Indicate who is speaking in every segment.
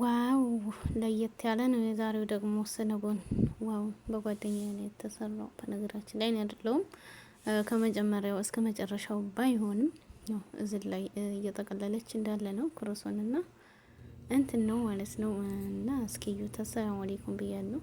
Speaker 1: ዋው ለየት ያለ ነው። የዛሬው ደግሞ ሰነጎን ዋው በጓደኛ ነው የተሰራው። በነገራችን ላይ አይደለውም ከመጀመሪያው እስከ መጨረሻው ባይሆንም እዚህ ላይ እየጠቀለለች እንዳለ ነው። ክሮሶንና እንትን ነው ማለት ነው። እና እስኪዩ ተሰላሙ አለይኩም ብያለሁ።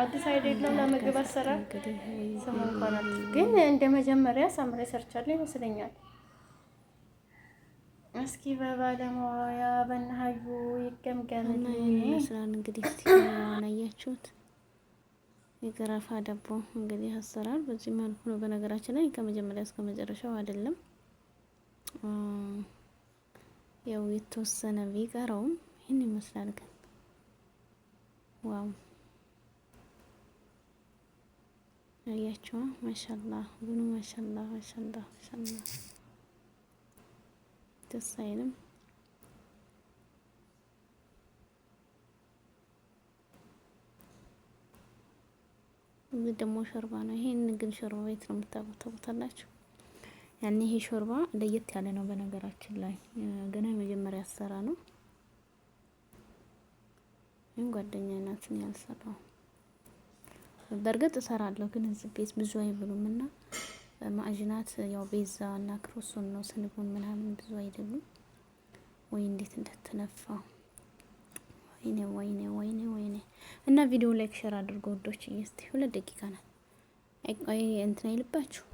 Speaker 1: አዲስ አይደለም ለምግብ አሰራር ስሙ እንኳን ግን እንደ መጀመሪያ ሳምሬ ሰርቻለሁ ይመስለኛል። እስኪ በባለሙያ በነሀዩ ይገምገም።
Speaker 2: ይመስላል እንግዲህ አያችሁት የገረፋ ዳቦ እንግዲህ አሰራር በዚህ መልኩ ነው። በነገራችን ላይ ከመጀመሪያ እስከ መጨረሻው አይደለም ያው የተወሰነ ቢቀረውም ይህን ይመስላል ግን ዋው አያቸዋ ማሻላ ቡኑ ማሻላ ማሻላ ማሻላ ደስ አይልም። እዚህ ደግሞ ሾርባ ነው። ይሄን ግን ሾርባ ቤት ነው የምታቦታቦታላችሁ። ያን ይሄ ሾርባ ለየት ያለ ነው። በነገራችን ላይ ገና የመጀመሪያ አሰራ ነው። ይህን ጓደኛ ናትን ያልሰራው በእርግጥ እሰራለሁ ግን እዚህ ቤት ብዙ አይብሉም እና ማዕዥናት ያው ቤዛ እና ክሮሶን ነው ስንቡን ምናምን ብዙ አይደሉም። ወይ እንዴት እንደተነፋ ወይኔ ወይኔ ወይኔ ወይኔ። እና ቪዲዮ ላይክ ሸር አድርጎ ወዶች እስቲ ሁለት ደቂቃ ናት። አይ እንትን አይልባችሁ